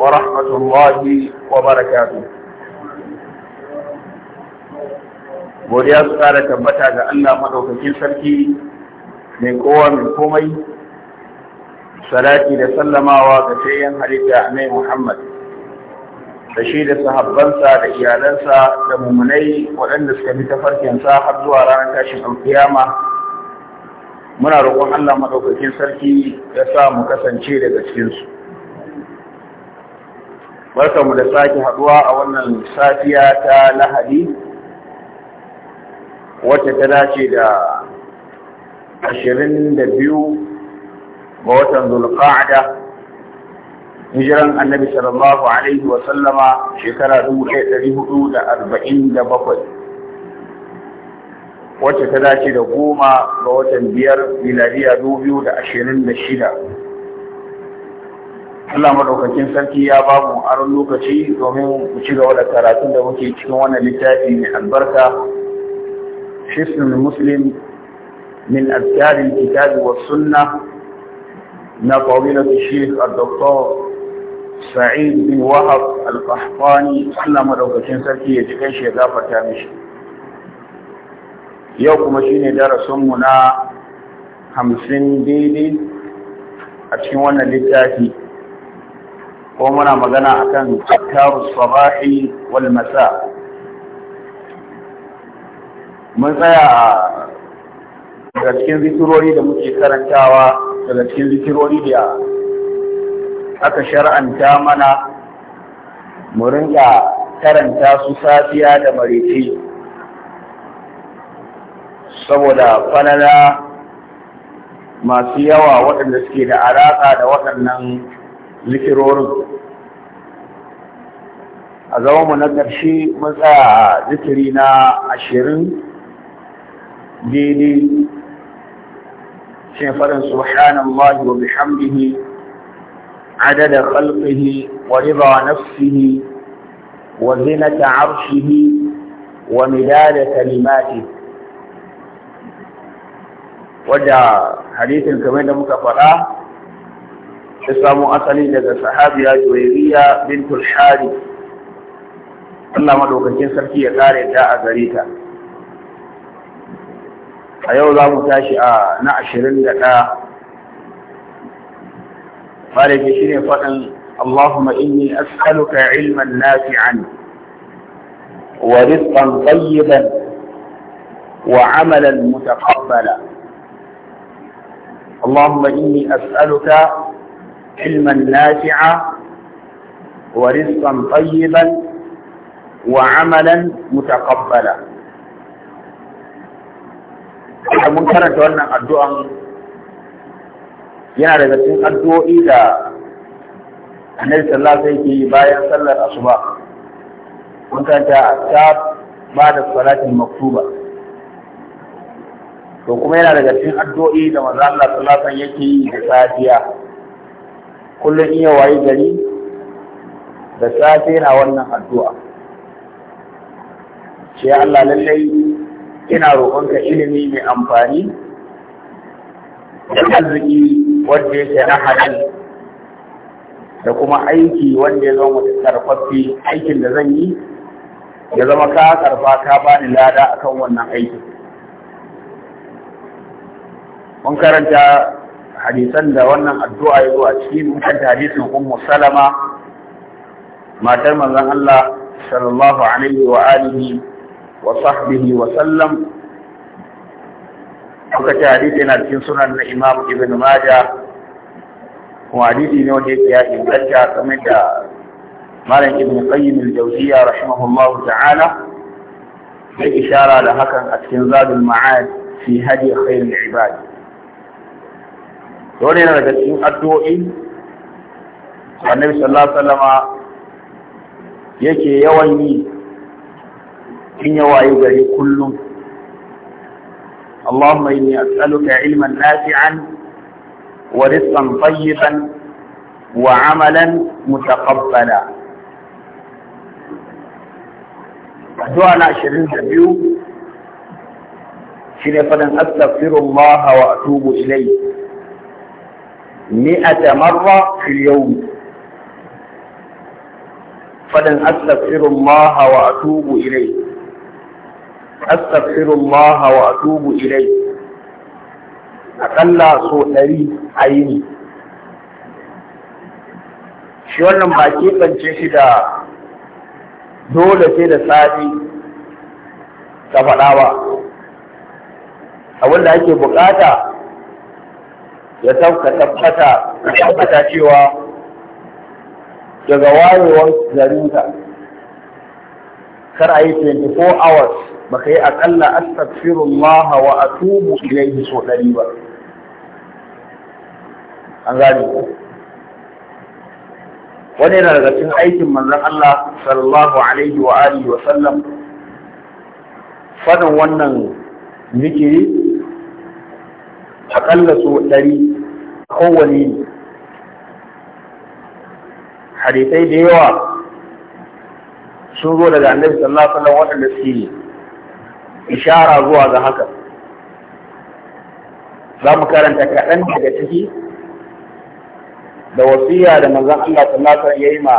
ورحمة الله وبركاته godiya su kara tabbata ga Allah maɗaukakin sarki mai kowa mai komai salati da sallamawa ga sayan halitta mai Muhammad da shi da sahabbansa da iyalansa da mummunai waɗanda suka bi tafarkinsa har zuwa ranar tashin alkiyama muna roƙon Allah maɗaukakin sarki ya sa mu kasance daga cikinsu. barkamu da sake haduwa a wannan safiya ta lahadi wacce ta dace da ashirin da biyu ga watan zulqa'ada hijiran annabi sallallahu alaihi wa sallama shekara dubu ɗaya ɗari hudu da arba'in da bakwai wacce ta dace da goma ga watan biyar miladiya dubu biyu da ashirin da shida Allah madaukakin sarki ya ba mu aron lokaci domin mu ci gaba da karatun da muke cikin wannan littafi mai albarka hisnul muslim min azkarin kitabi wa sunna na fadilatu shaykh al-doktor sa'id bin wahab al fahfani Allah madaukakin sarki ya ji kai shi ya gafarta mishi yau kuma shine darasin mu na hamsin daidai a cikin wannan littafi ko muna magana akan tattaru sabahi wal masa mun tsaya daga cikin zikirori da muke karantawa daga cikin zikirori da aka shar'anta mana mu rinka karanta su safiya da marece saboda falala masu yawa waɗanda suke da alaƙa da waɗannan zikirorin a zama mu na ƙarshe matsa zikiri na ashirin daidai shin farin subhanan mahi wa bihamdihi adada ƙalfihi wa riba wa nafsihi wa da ta arshihi wa midada kalimati wadda hadithin kamar da muka faɗa اسلام اصلي ده صحابي اجويريا بنت الحارث الله ما دوكين سركي يا قاري تا اغريتا ايو زامو تاشي ا نا 21 فارق شيني فدان اللهم اني اسالك علما نافعا ورزقا طيبا وعملا متقبلا اللهم اني اسالك علما نافعا ورزقا طيبا وعملا متقبلا mun karanta wannan addu'an yana daga cikin addu'o'i da annabi sallallahu alaihi wasallam yi bayan sallar asuba mun karanta ta ba da salatin maktuba to kuma yana daga cikin addu'o'i da manzo Allah sallallahu alaihi wasallam yake yi da safiya kullum iya wayi gari da safe na wannan addu'a ce Allah lallai ina roƙonka ilimi mai amfani da arziki wanda yake na halal da kuma aiki wanda ya zama karfafi aikin da zan yi ya zama ka karfa ka bani lada akan wannan aikin mun karanta hadisan da wannan addu'a ya zo a cikin mun kanta hadisin ummu salama matar manzon Allah sallallahu alaihi wa alihi wa sahbihi wa sallam kuka ce hadisi yana cikin sunan na Imam Ibn Majah kuma hadisi ne wanda yake ya inganta kamar da Malam Ibn Qayyim al-Jawziyya rahimahullahu ta'ala ya ishara da hakan a cikin Zadul Ma'ad fi hadi khairul ibad dole yana daga cikin addu'o'i annabi sallallahu alaihi wasallama yake yawan yi in ya waye gari kullum Allahumma inni as'aluka ilman nafi'an wa rizqan tayyiban wa amalan mutaqabbala addu'a na 22 shine fadan astaghfirullah wa atubu ilayhi mi'ata marra fil yawm fadan astaghfirullah wa atubu ilayhi astaghfirullah wa atubu ilayhi akalla so ɗari a yini shi wannan ba keɓance shi da dole sai da safi ta faɗa ba abinda ake buƙata ya sauka tabbata tabbata cewa daga wayewar garinka kar a yi 24 hours baka yi akalla astaghfirullah wa atubu ilaihi so ɗari ba an gane wani yana daga cikin aikin manzon Allah sallallahu alaihi wa alihi wa sallam fadin wannan zikiri aƙalla so ɗari kowane hadisai da yawa sun zo daga annabi sallallahu alaihi wasallam waɗanda suke ishara zuwa ga haka za mu karanta kaɗan daga ciki da wasiya da manzan Allah sallallahu alaihi ya yi ma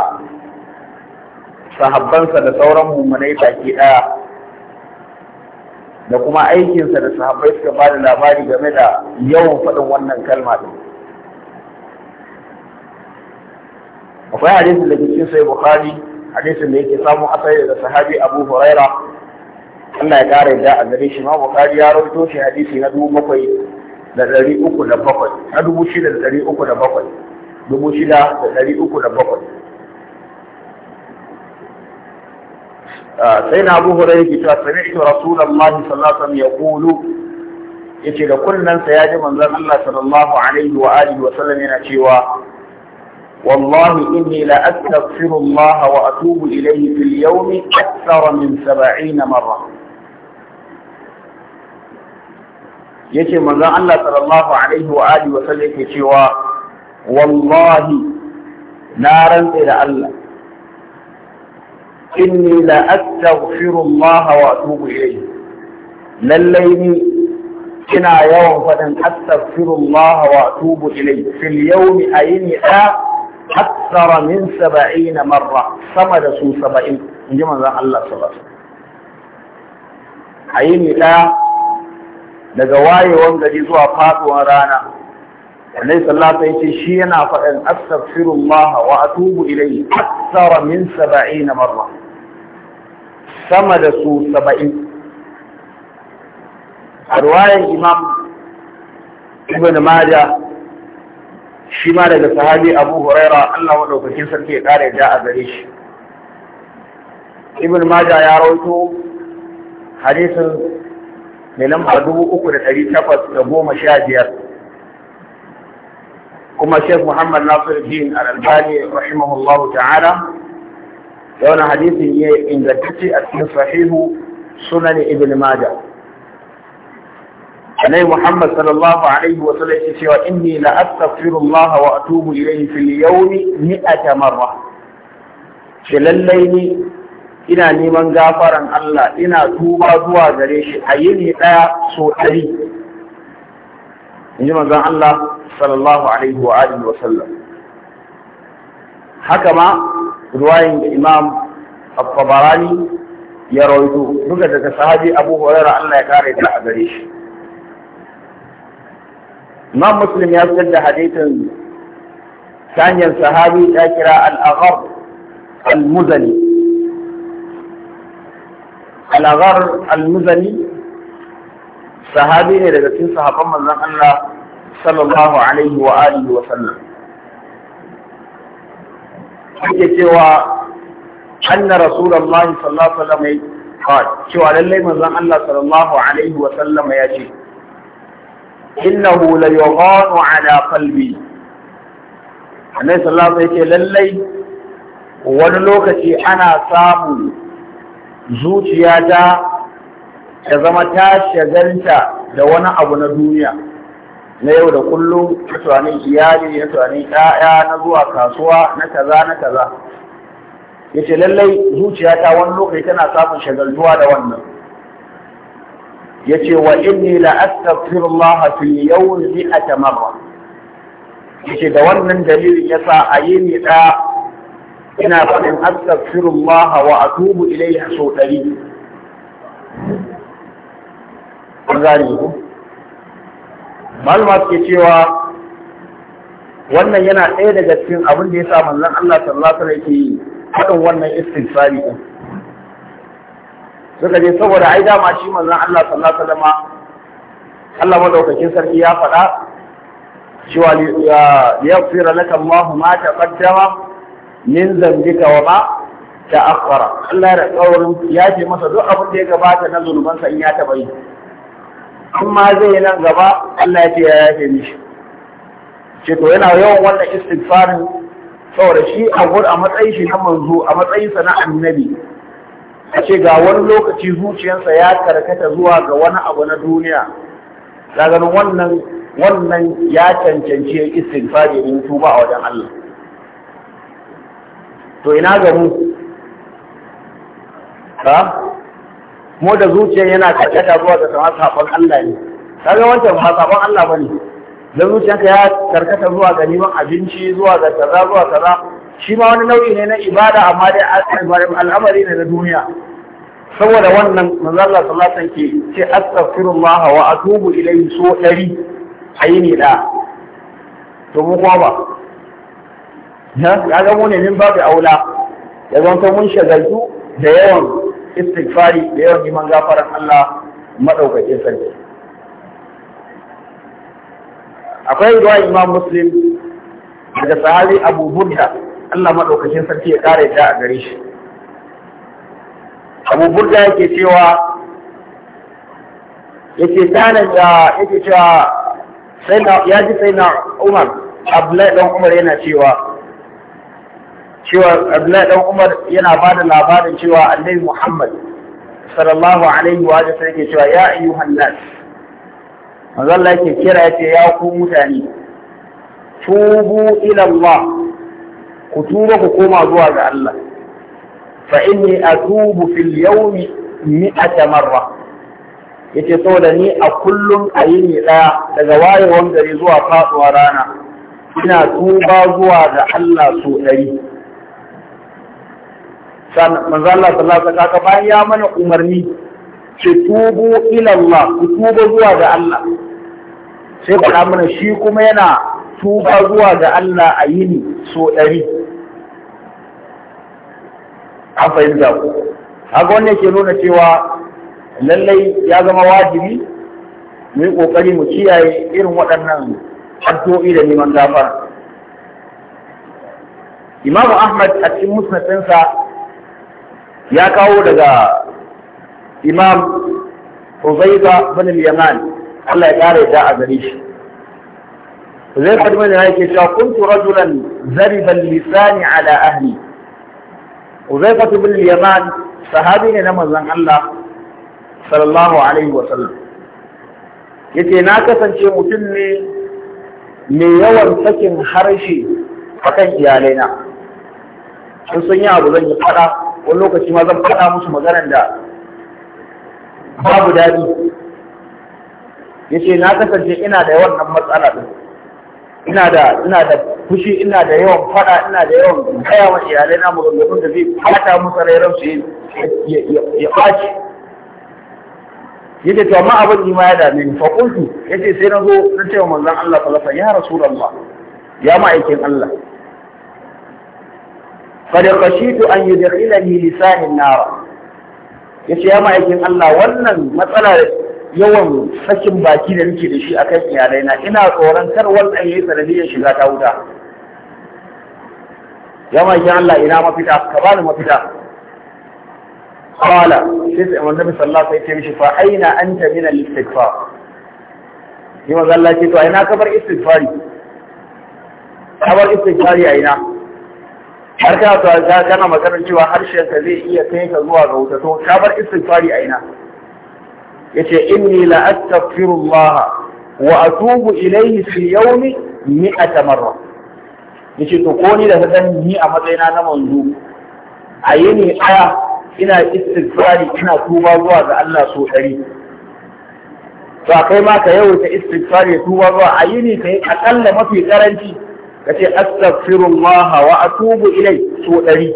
sahabbansa da sauran mummunai baki ɗaya da kuma aikinsa da sahabbai suka ba da labari game da yawan faɗin wannan kalma ɗin. Akwai hadisin da cikin sai Bukhari, hadisin da yake samun asali daga sahabi Abu Huraira, Allah ya ƙara yadda a gare shi ma Bukhari ya rawaito shi hadisi na dubu bakwai da ɗari uku da bakwai, na dubu shida da ɗari uku da bakwai, dubu shida da ɗari uku da bakwai. آه، سيدنا أبو هريرة سمعت رسول الله صلى الله عليه وسلم يقول يتي لكلنا سياد منظر الله صلى الله عليه وآله وسلم ينتيوا والله إني لأتغفر الله وأتوب إليه في اليوم أكثر من سبعين مرة يتي منظر الله صلى الله عليه وآله وسلم ينتيوا والله نارا إلى الله inni la astaghfirullah wa atubu ilayhi lallai ni ina yawan faɗin astaghfirullah wa atubu ilayhi fil yawmi ayni a أكثر من سبعين مرة سمد سو سبعين نجمع ذا الله سبعين عيني لا لقواي وانجلي زوا فات ورانا عليه الصلاة يتشينا فإن أستغفر الله وأتوب إليه أكثر من سبعين مرة sama da su saba'in a ruwayan imam ibn maja shi ma daga sahabi abu huraira allah maɗaukakin sarki ya ƙara ja a gare shi ibn maja ya rauto hadisin mai lamba dubu uku da ɗari takwas da goma sha biyar kuma shek muhammad nasiruddin al-albani rahimahullahu ta'ala da wani hadisin ya ingantacce a cikin sahihu sunan ibn maja annabi muhammad sallallahu alaihi wa sallam yake cewa inni la astaghfirullah wa atubu ilayhi fil yawmi mi'ata marra shi lallai ni ina neman gafaran Allah ina tuba zuwa gare shi a yini daya so ɗari in ji manzon Allah sallallahu alaihi wa alihi wa sallam haka ma ruwayin da imam al-tabarani ya rawaito duka daga sahabi abu hurairah Allah ya kare ta a gare shi imam muslim ya fitar da hadithin sanyar sahabi ya kira al-aghar al-muzani al-aghar al-muzani sahabi ne daga cikin sahabban manzon Allah sallallahu alaihi wa alihi wa sallam yake cewa anna rasulullahi sallallahu alaihi wasallam qal ah, cewa lallai manzon Allah sallallahu alaihi wasallam ya ce innahu la yughanu ala qalbi annabi sallallahu alaihi wasallam lallai wani lokaci ana samu zuciya ta zama ta shagalta da wani abu na duniya na yau da kullum na tunanin iyali na tunanin ɗaya na zuwa kasuwa na kaza na kaza yace lallai zuciyata wani lokaci tana samun shagaltuwa da wannan yace wa inni la astaghfirullah fi yawmi mi'ata marra yace da wannan dalilin yasa a yi ni da ina faɗin astaghfirullah wa atubu ilayhi sau ɗari. An gane ku? malama suke cewa wannan yana ɗaya daga cikin abin da ya sa manzan Allah sallallahu alaihi wasallam yake haɗin wannan istinsari din suka je saboda ai dama shi manzan Allah sallallahu alaihi wasallam Allah madaukakin sarki ya faɗa cewa ya liyaghfira laka Allahu ma taqaddama min zambika wa ma ta'akhkhara Allah ya kaurin ya ce masa duk abin da ya gabata na zunubansa in ya taɓa yi an ma zai nan gaba Allah ya ce ya yafe mishi ce to yana yawan wannan istighfarin saboda shi a a matsayin shi na manzo a matsayin sa na annabi a ce ga wani lokaci zuciyarsa ya karkata zuwa ga wani abu na duniya ganin wannan wannan ya cancanci ya istighfari in tuba a wajen Allah to ina ga mu ha kuma da zuciya yana karkata zuwa ga sama sabon Allah ne kaga wancan ba sabon Allah bane da zuciyarka ya karkata zuwa ga neman abinci zuwa ga kaza zuwa kaza shi ma wani nau'i ne na ibada amma dai al'amari ne na duniya saboda wannan manzo Allah sallallahu alaihi wasallam ke ce astaghfirullah wa atubu ilayhi so dari ayini da to mu kuma ba ya ga mu ne min babu aula ya zanto mun shagaltu da yawan istighfari da yawan neman gafaran Allah madaukakin sarki akwai ruwa imam muslim daga sahabi abu burda Allah madaukakin sarki ya kare ta a gare shi abu burda yake cewa yake tanan da yake cewa sai na ya ji sai na Umar Abdullahi dan Umar yana cewa cewa Abdullahi dan Umar yana ba da labarin cewa Annabi Muhammad sallallahu alaihi wa sallam yake cewa ya ayyuhan nas manzo Allah yake kira yace ya ku mutane tubu ila Allah ku tuba ku koma zuwa ga Allah fa inni atubu fil yawmi mi'ata marra yace saboda ni a kullum a yini daya daga wayewar gari zuwa faduwa rana ina tuba zuwa ga Allah so ɗari manzo Allah sallallahu alaihi wasallam bayan ya mana umarni ki tubu ila Allah ku tuba zuwa ga Allah sai faɗa mana shi kuma yana tuba zuwa ga Allah a yini so ɗari an fahimta ku haka wanda ke nuna cewa lallai ya zama wajibi mu yi ƙoƙari mu kiyaye irin waɗannan addu'o'i da neman gafara Imam Ahmad a cikin musnadinsa يا كاودا إمام حزيبة بن اليمان الله يعني جاء ذريش زي قد من هاي كيشا كنت رجلا ذرب اللسان على أهلي حزيبة بن اليمان فهذه نمزا الله صلى الله عليه وسلم يتي ناكا سنشي متني من يوم سكن حرشي فكان يالينا حسن يا أبو ذنب wani lokaci ma zan faɗa musu maganar da babu daɗi ya ce na kasance ina da yawan nan matsala ɗin ina da ina da fushi ina da yawan faɗa ina da yawan gaya wa iyalai na maganganun da zai fata musu ran su ya ɓaci ya ce to amma abin ni ma ya dame ni fakultu ya ce sai na zo na ce wa manzon Allah sallallahu alaihi wasallam ya rasulullah ya ma'aikin Allah qad khashitu an yi yudkhilani lisanin nar yace ya ma'aikin Allah wannan matsala yawan sakin baki da nake da shi akan iyalaina ina tsoron kar wannan yayi ya shiga ta wuta ya ma'aikin Allah ina mafita ka ba ni mafita qala sai annabi sallallahu alaihi wasallam ya ce mishi fa aina anta min al-istighfar ni manzo Allah ce to aina kabar istighfari kabar istighfari aina har ka ta kana maganar cewa harshen ka zai iya kai ka zuwa ga wuta to ka bar istighfari a ina yace inni la Allah wa atubu ilayhi fi yawmi mi'ata marra yace to ko ni da ka san ni a matsayina na manzo a yini aya ina istighfari ina tuba zuwa ga Allah so dari to kai ma ka ta istighfari tuba zuwa a yini kai akalla mafi karanci ka ce astaghfirullah wa atubu ilai so ɗari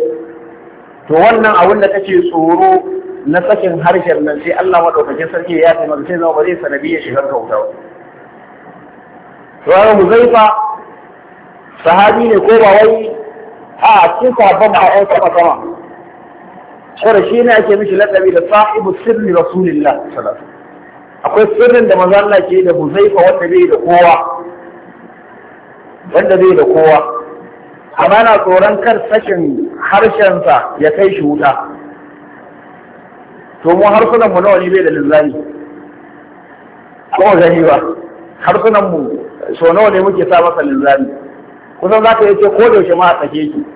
to wannan abin da kake tsoro na sakin harshen nan sai Allah madaukakin sarki ya fi taimaka sai zama ba zai sanadi ya shigar kauta ba to muzaifa sahabi ne ko ba wai a cikin sabon ba ai sama sama shara shi ne ake mishi lakabi da sa'ibu sirri rasulillah sallallahu akwai sirrin da manzo Allah ke da muzaifa wanda bai da kowa wanda zai da kowa amma na tsoron kar sakin harshensa ya kai shi wuta to mu harsunan mu nawa ne bai da linzami ko gani ba harsunan mu so nawa ne muke sa masa linzami kusan za ka yi ce ko da ma a sake ki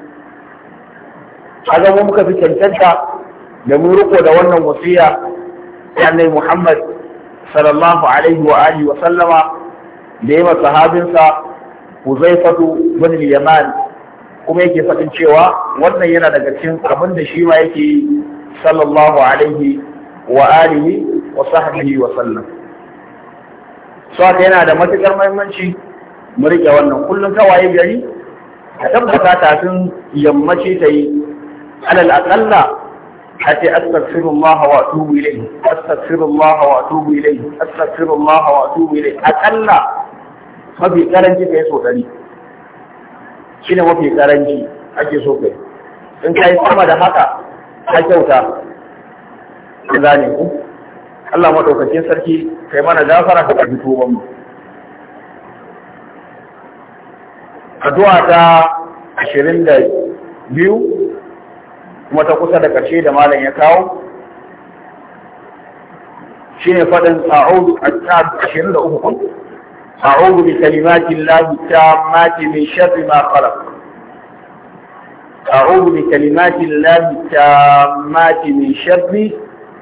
a zama muka fi cancanta da mu riko da wannan wasiya annai Muhammad sallallahu alaihi wa alihi wa sallama da yi sahabinsa huzaifatu bin yaman kuma yake faɗin cewa wannan yana daga cikin abin da shi ma yake yi sallallahu alaihi wa alihi wa sahbihi wa sallam so haka yana da matukar muhimmanci mu rike wannan kullum kawaye gari a tabbata kafin yammaci ta yi alal aqalla حتى أستغفر الله وأتوب إليه أستغفر الله وأتوب إليه أستغفر الله وأتوب إليه أتلا mafi karanci ka yi so shi ne mafi karanci ake so kai in ka yi sama da haka ka kyauta ka gane ku Allah maɗaukakin sarki kai mana gafara ka ɗauki tuban mu addu'a ta ashirin da biyu kuma ta kusa da ƙarshe da malam ya kawo shine faɗin a'udu ashirin da uku أعوذ بكلمات الله التامات من شر ما خلق أعوذ بكلمات الله التامات من شر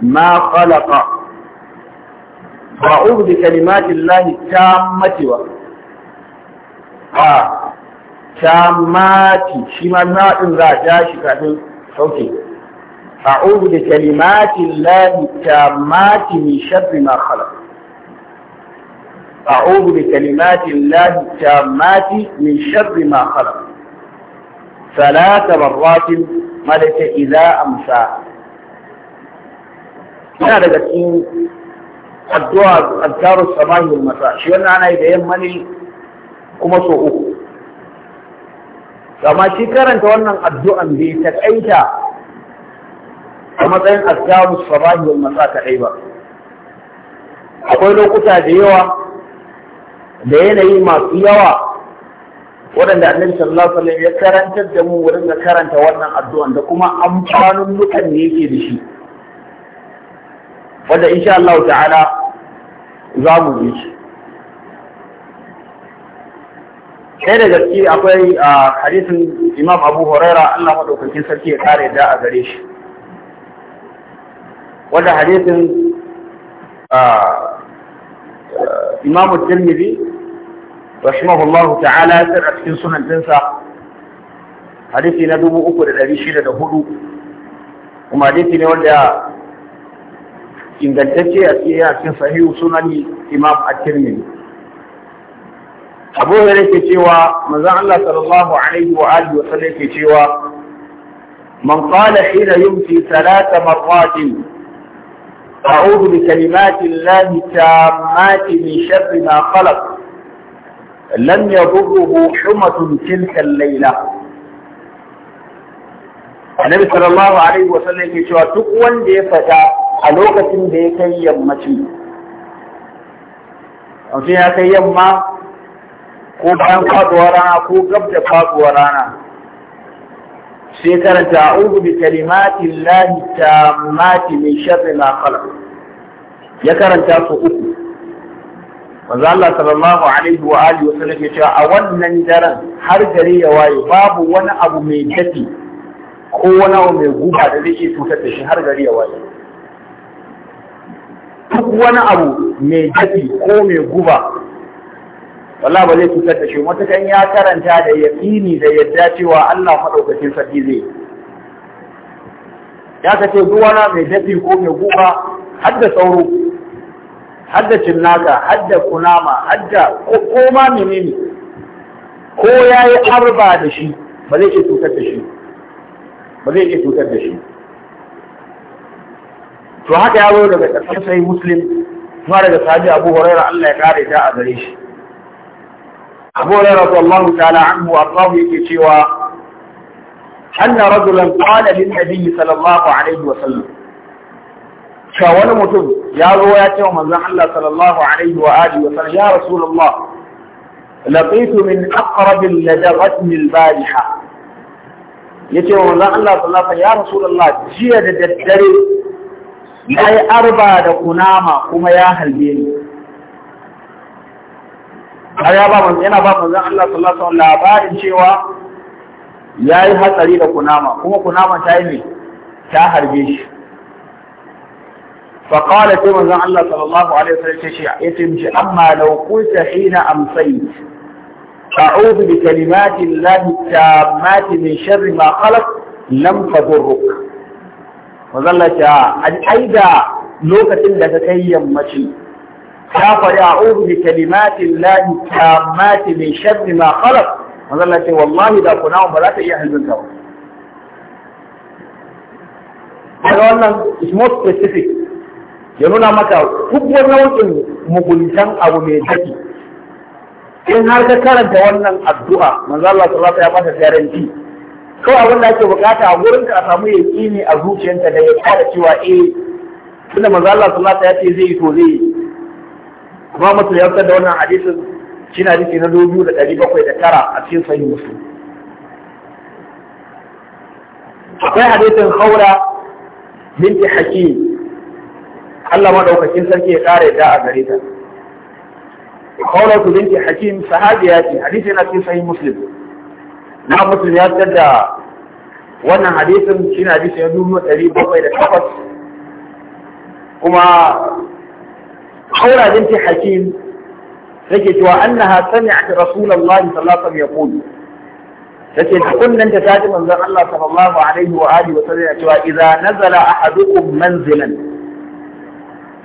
ما خلق وأعوذ بكلمات الله التامة آه. تامات شما ما راجاش كافين أوكي أعوذ بكلمات الله التامات من شر ما خلق أعوذ بكلمات الله التامات من شر ما خلق ثلاث مرات ملك إذا أمسى yana daga cikin addu'a addaru samahi wal masa shi wannan ana yi da yamma ne kuma so uku amma shi karanta wannan addu'an bai takaita a matsayin addaru samahi wal masa kadai ba akwai lokuta da yawa da yanayi masu yawa waɗanda annabi sallallahu alaihi ya karantar da mu wurin da karanta wannan addu'an da kuma amfanin lukan ne yake da shi wanda insha Allah ta'ala za mu yi shi sai da gaske akwai a hadisin imam abu huraira allah maɗaukakin sarki ya kare da a gare shi wanda hadisin imamu tirmidhi rahimahullahu ta'ala ya tsira cikin sunan dinsa hadisi na dubu uku da shida da hudu kuma hadisi ne wanda ingantacce a cikin a cikin sahihu sunani imam at-tirmidhi abu ne ke cewa manzon Allah sallallahu alaihi wa alihi wa sallam ke cewa man qala hina yumti thalatha marratin أعوذ بكلمات الله التامات من شر ما خلق لم يضره حمة تلك الليلة النبي صلى الله عليه وسلم يقول تقوان دي فتا ألوكة دي كي يمتي أنت يا كي يما ko bayan faduwar قد ورانا sai karanta a'udhu bi kalimati llahi tammati min sharri ma khalaq ya karanta su uku manzo Allah sallallahu alaihi wa alihi wa sallam ya a wannan daren har gare ya waye babu wani abu mai dafi ko wani abu mai guba da zai cutar da shi har gare ya waye duk wani abu mai dafi ko mai guba wallahi ba zai cutar da shi matukan ya karanta da yaƙini da yadda cewa Allah madaukakin sarki zai ya ka ce duwana mai dafi ko mai guba da sauro har da cinnaka har da kunama har da ko ma menene ko ya yi arba da shi ba zai iya cutar da shi ba zai iya cutar da shi to haka ya zo daga ƙarshen sai muslim kuma daga sahabi abu hurairah Allah ya kare ta a gare shi abu hurairah Allah ta'ala mu arzahu yake cewa anna rajulan qala lin nabiy sallallahu alaihi wa sallam cewa wani mutum ya zo ya ce wa manzon Allah sallallahu alaihi wa alihi wa sallam ya rasulullah laqitu min aqrab ladaghatni al Ya ce wa manzon Allah sallallahu alaihi ya rasulallah jiya da daddare yi arba da kunama kuma ya halbe ni har ya ba manzo yana ba manzon Allah sallallahu alaihi wasallam labarin cewa yayi hatsari da kunama kuma kunama ta yi ne ta harbe shi fa qala sai manzon Allah sallallahu alaihi wasallam ce shi yace mishi amma law qulta hina amsayt a'udhu bi kalimati llahi tammati min sharri ma khalaq lam tadurruk manzon Allah ce ai da lokacin da ka kai yammaci ta faɗi a uzu bi kalimatin lahi tamati min sharri ma khalaq manzo Allah ce wallahi da kuna ba za ta iya halbinta ba kaga wannan is more specific ya nuna maka duk wani nau'in muguntan abu mai daki in har ka karanta wannan addu'a manzo Allah sallallahu alaihi wasallam ya mata garanti ko abin da ake bukata a gurin ka a samu yaqini a zuciyarka da ya kada cewa eh tunda manzo Allah sallallahu alaihi wasallam ya ce zai to zai kuma Muslim ya fitar da wannan hadisin shi na hadisi na dubu da ɗari bakwai da tara a cikin sahih musu Akwai hadisin Haura binti Hakim Allah maɗaukakin sarki ya ƙara yadda a gare ta. Haura ku binti Hakim sahabiya ce hadisi na cikin sahih Muslim. Na Muslim ya fitar da wannan hadisin shi na hadisi na dubu da ɗari bakwai da takwas kuma حول بنت حكيم تجد وأنها سمعت رسول الله صلى الله عليه وسلم يقول تجد كنا أنت تاجم من الله صلى الله عليه وآله وسلم إذا نزل أحدكم منزلا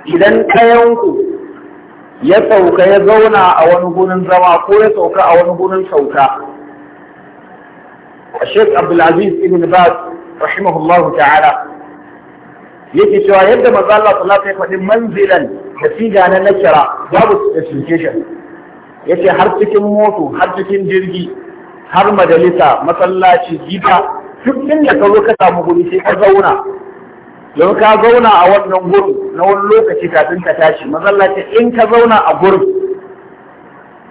إذا كيونكم ya sauka ya zauna a wani gunin zama ko ya sauka a wani gunin sauka. Sheikh Abdulaziz ibn Baz rahimahullahu ta'ala yake cewa yadda manzo Allah sallallahu alaihi wasallam manzilan da na nakira babu specification yace har cikin moto har cikin jirgi har majalisa masallaci gida duk inda ka zo ka samu guri sai ka zauna don ka zauna a wannan gurin na wani lokaci kafin ka tashi masallaci in ka zauna a gurin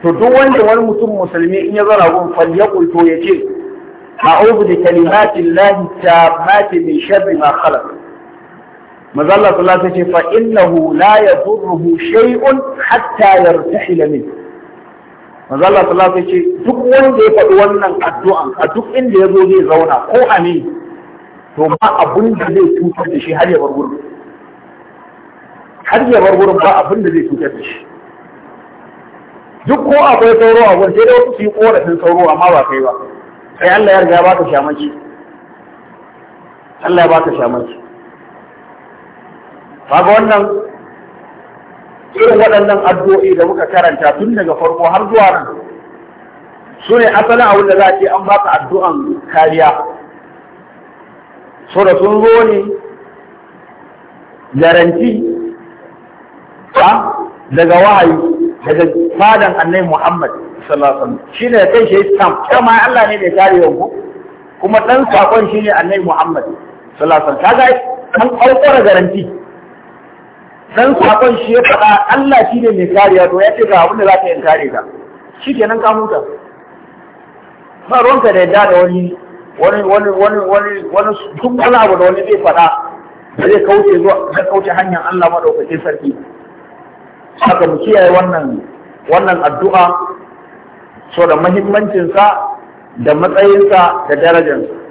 to duk wanda wani mutum musulmi in ya zara gurin ya to ya ce a'udhu bi kalimatillahi tammati min sharri ma khalaq mazalla sallallahu alaihi wasallam ce fa innahu la yadurruhu shay'un hatta yartahila min mazalla sallallahu ta ce duk wanda ya faɗi wannan addu'an a duk inda ya zo zai zauna ko a ne to ba abin da zai cutar da shi har ya bar gurin har ya bar gurin ba abin da zai cutar da shi duk ko akwai sauro a gurin sai dai wasu su yi korafin sauro amma ba kai ba sai Allah ya riga ya baka shamaki Allah ya baka shamaki kaga wannan irin waɗannan addu'o'i da muka karanta tun daga farko har zuwa nan su ne asalin abin da za a ce an ba ka addu'an kariya so da sun zo ne garanti ta daga wahayi daga fadan annai Muhammad sallallahu alaihi wasallam shine kai shi sam kama Allah ne da kare yanku? kuma dan sakon shine annai Muhammad sallallahu alaihi wasallam kaga an aukura garanti dan sakon shi ya faɗa Allah shi ne mai kariya to ya ce ga abin da za ka yi kare ka shi nan ka huta ba ruwanka da yadda da wani wani wani wani wani wani duk abu da wani zai faɗa da zai kauce zuwa da kauce hanyar Allah madaukakin sarki haka mu kiyaye wannan wannan addu'a so da muhimmancinsa da matsayinsa da darajarsa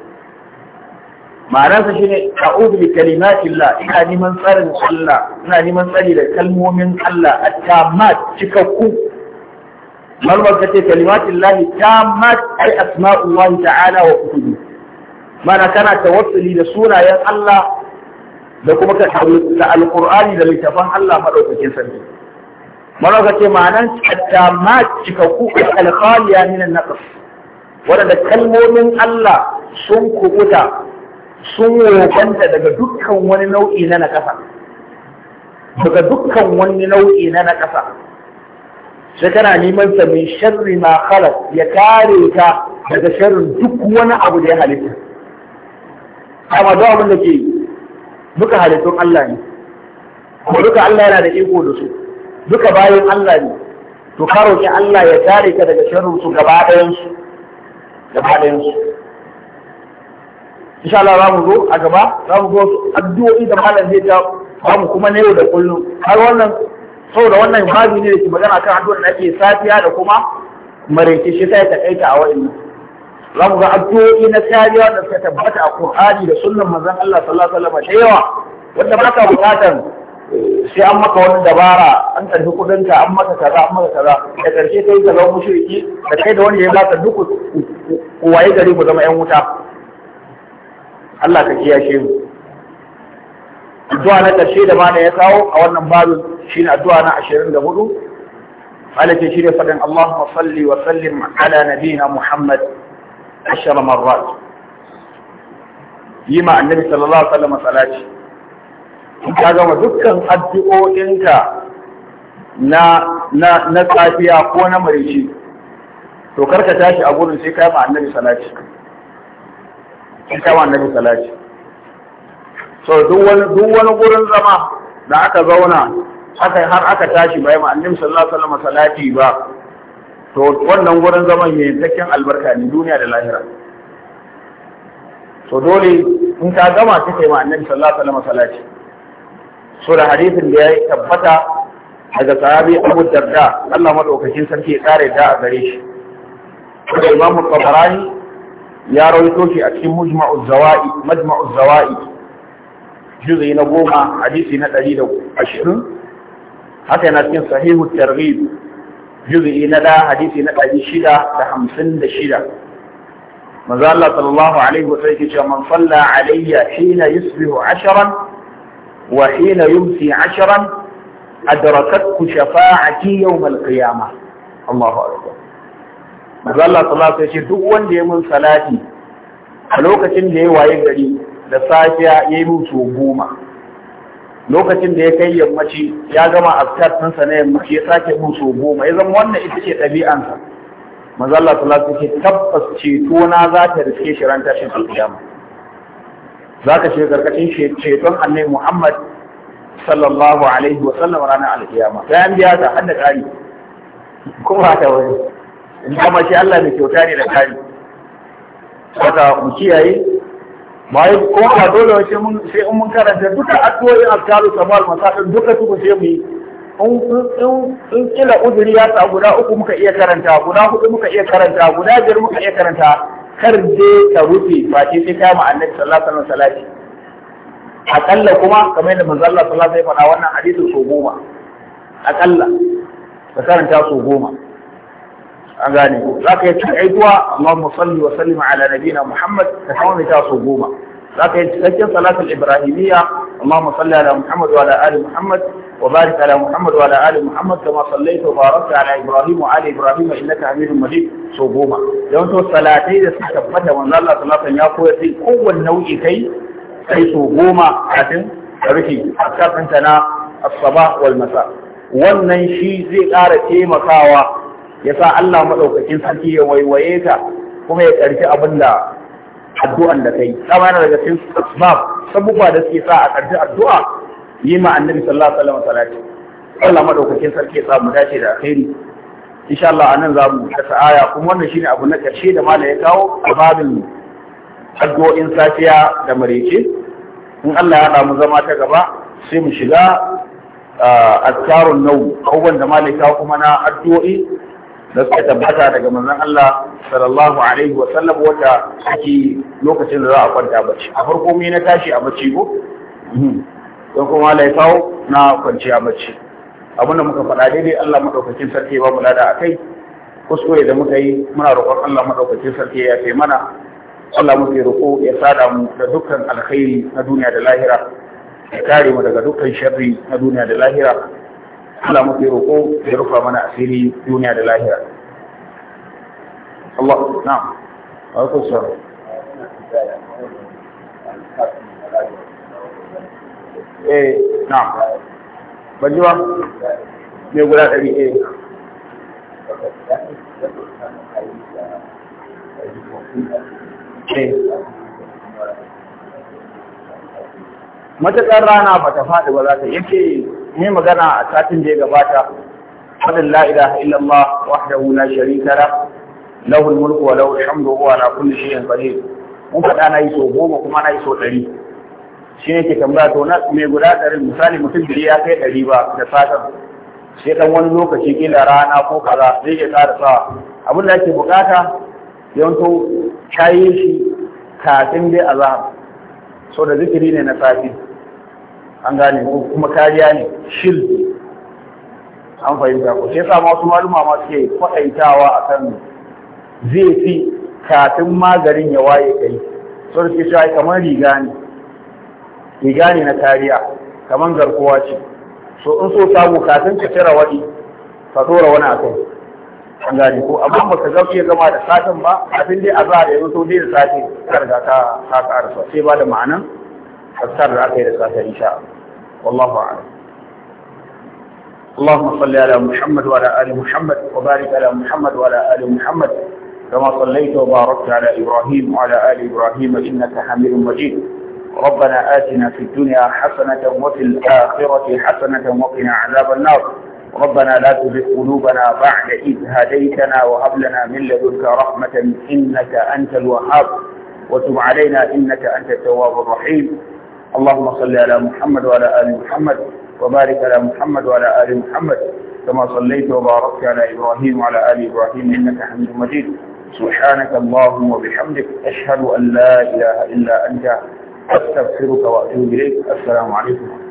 ma'anarsa shi ne a ubi kalimatillah ina neman tsarin Allah ina neman tsari da kalmomin Allah a tamat cikakku malwar ka ce kalimatillah tamat ai asma'ullahi ta'ala wa kutubi mana kana tawassuli da sunayen Allah da kuma ka da alqur'ani da littafan Allah madaukakin sarki ka ce ma'anar tamat cikakku al-khaliya min an-naqs wanda kalmomin Allah sun kubuta sun wofanta daga dukkan wani nau'i na na ƙasa. daga dukkan wani nau'i na nakasa sai kana neman sa min sharri ma khalaq ya kare ka daga sharrin duk wani abu da ya halitta amma duk abin da ke duka halittun Allah ne ko duka Allah yana da iko da su duka bayan Allah ne to karo roki Allah ya kare ka daga sharrin su gaba ɗayan su gaba ɗayan su insha Allah za mu zo a gaba za mu zo addu'o'i da malam zai ta ba mu kuma na yau da kullum har wannan saboda wannan babu ne da ke magana kan addu'ar da ake safiya da kuma maraice shi sai ta kaita a wa'annan za mu ga addu'o'i na kariya da suka tabbata a Qur'ani da sunnan manzon Allah sallallahu alaihi wasallam da yawa wanda ba ka bukatar eh, sai an maka wani dabara an karfi kudinka an maka kaza an maka kaza da karshe kai ka zama mushriki da kai da wanda ya baka duk waye gari ku zama yan wuta Allah ka kiyashe mu addu'a na ƙarshe da mana ya kawo a wannan babin shine addu'a na 24 alake shine fadin Allahumma salli wa sallim ala nabiyina Muhammad ashar marrat yi ma annabi sallallahu alaihi wasallam salati ka gama dukkan addu'o'inka na na na safiya ko na marici to karka tashi a gurin sai ka yi ma annabi salati in kama annabi salati so duk wani duk wani gurin zama da aka zauna aka har aka tashi bai ma annabi sallallahu alaihi wasallam salati ba to wannan gurin zaman mai takken albarka ne duniya da lahira to dole in ka gama ta kai ma annabi sallallahu alaihi wasallam salati so da hadisin da yayi tabbata daga sahabi Abu Darda Allah madaukakin sarki ya kare da a gare shi da Imam Tabarani يا رويتوشي أكشي مجمع الزوائد مجمع الزوائد جزي نبوها حديثي نتجيد عشرون حتى نتكين صحيح الترغيب جزي ندا حديثي نتجي شدا تحمسن دشدا مزال صلى الله عليه وسلم من صلى علي حين يصبح عشرا وحين يمسي عشرا أدركتك شفاعتي يوم القيامة الله أكبر manzo Allah sallallahu alaihi wasallam duk wanda ya mun salati a lokacin da ya waye gari da safiya ya yi mutu goma lokacin da ya kai yammaci ya gama azkar ɗinsa na yammaci ya sake mutu goma ya zama wannan ita ce ɗabi'ansa manzo Allah sallallahu alaihi wasallam tabbas ceto na za ta riske shi ran tashin alƙiyama ka shiga karkashin ceton Annabi Muhammad sallallahu alaihi wasallam ranar alƙiyama sai an biya ta hadda ƙari kuma ta wani in dama shi Allah mai kyauta ne da kari saka mu kiyaye bayan ko ba dole sai mun sai mun karanta duka addu'o'in azkaru kamar masafin duka su sai mu yi in kila uzuri ya sa guda uku muka iya karanta guda hudu muka iya karanta guda biyar muka iya karanta kar je ka rufe ba ce sai ka ma annabi sallallahu alaihi wasallam akalla kuma kamar yadda manzo Allah sallallahu alaihi wasallam ya faɗa wannan hadisin so goma akalla ka karanta so goma an gane ko za ka yi cin aituwa Allahumma salli wa sallim ala nabiyina Muhammad ka kama mai taso goma za ka yi cikakken salatul ibrahimiyya Allahumma salli ala Muhammad wa ala ali Muhammad wa barik ala Muhammad wa ala ali Muhammad kama sallaita wa barakta ala Ibrahim wa ali Ibrahim innaka Hamidum Majid so goma yawan to salatai da suka tabbata manzo Allah sallallahu alaihi wasallam ya koyar sai kowanne nau'i kai kai so goma kafin rufe a kafin na as-sabah wal masa wannan shi zai ƙara taimakawa ya sa Allah maɗaukakin sarki ya waiwaye ta kuma ya ƙarfi abin da addu'an da kai Sama yana daga cikin asbab sabuwa da suke sa a ƙarfi addu'a yi ma annabi sallallahu alaihi wasallam salati Allah maɗaukakin sarki ya sa dace da alheri insha Allah anan za mu kasa aya kuma wannan shine abu na ƙarshe da malam ya kawo a babin addu'o'in safiya da marece in Allah ya damu zama ta gaba sai mu shiga a ah, tsarin nau abubuwan da ma kuma na addu'o'i da suka tabbata daga manzon Allah sallallahu alaihi wa sallam wata ake lokacin da za a kwanta bacci a farko me na tashi a bacci ko hmm. don kuma laifau na kwanciya bacci abin da muka faɗa daidai Allah madaukakin sarki ba mu lada akai kuskure da muka yi muna roƙon Allah madaukakin sarki ya sai mana Allah muke roƙo ya sada mu da dukkan alkhairi na duniya da lahira ya kare mu daga dukkan sharri na duniya da lahira Allah mafi roƙo da ya rufa mana asiri duniya da lahira Allah na, a yi salam eh na'am bajiwa me guda ɗari eh. eh matuƙar rana ba ta faɗi ba za ta yake ne magana a satin da ya gabata fadin la ilaha illallah wahdahu la sharika la lahu mulku wa lahu alhamdu wa ala kulli shay'in qadir mun faɗa na yi so goma kuma na yi so ɗari shi ne ke tambaya to na mai guda ɗari misali mutum da ya kai ɗari ba da satan sai ɗan wani lokaci kila rana ko kaza zai iya ƙara sawa abin da ake bukata yawanto kayi shi kafin dai zahar. so da zikiri ne na safi an gane ko kuma kariya ne shield an fahimta ko sai sa wasu maluma ma suke kwaɗaitawa akan zai fi kafin magarin ya waye kai sun suke shi kamar riga ne riga ne na kariya kamar garkuwa ce so in so samu kafin ka cire wani ka tsora wani a kai an gane ko amma ba ka zafi ya gama da satin ba abin dai a za da yanzu dai da satin ka riga ta ka sai ba da ma'anan fassar da aka yi da satin insha Allah والله أعلم اللهم صل على محمد وعلى آل محمد وبارك على محمد وعلى آل محمد كما صليت وباركت على إبراهيم وعلى آل إبراهيم إنك حميد مجيد ربنا آتنا في الدنيا حسنة وفي الآخرة حسنة وقنا عذاب النار ربنا لا تزغ قلوبنا بعد إذ هديتنا وهب لنا من لدنك رحمة إنك أنت الوهاب وتب علينا إنك أنت التواب الرحيم اللهم صل على محمد وعلى آل محمد وبارك على محمد وعلى آل محمد كما صليت وباركت على إبراهيم وعلى آل إبراهيم إنك حميد مجيد سبحانك اللهم وبحمدك أشهد أن لا إله إلا أنت أستغفرك وأتوب إليك السلام عليكم